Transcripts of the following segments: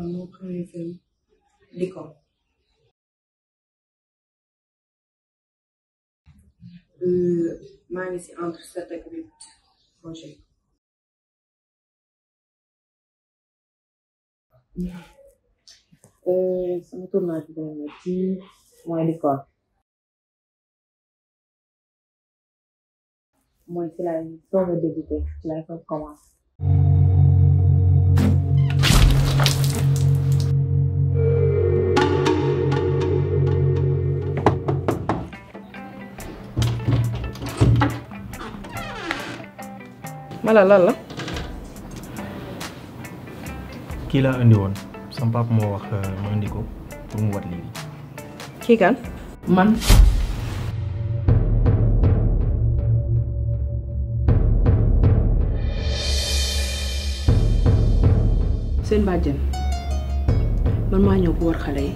un autre réseau d'école. maa ngi si entre sept ak huit projet euh, sama tournage bi dana ci mooy l'école mooy ci laay soog a débuté ci laay soog voilà lan la. Ki la andi won. Sam pap mo wax mo andi ko pour mu wat li. Ki kan. man. Sen bàjjen man ma ñëw ko war xalé yi.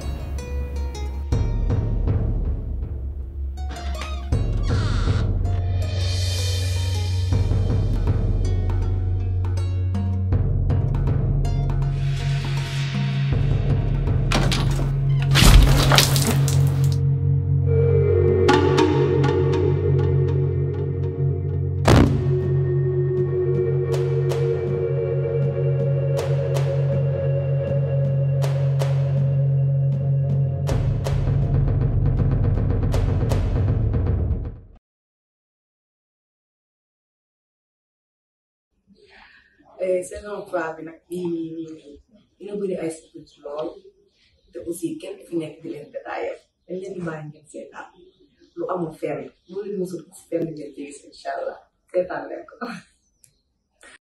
saison 3 bi nag nii nii nii nii dina bëri ay surprise lool te aussi kenn fi nekk di leen détaillé dañ leen di bàyyi ngeen lu amul fenn lu leen mosul fenn ngeen gis incha allah seetaan leen ko.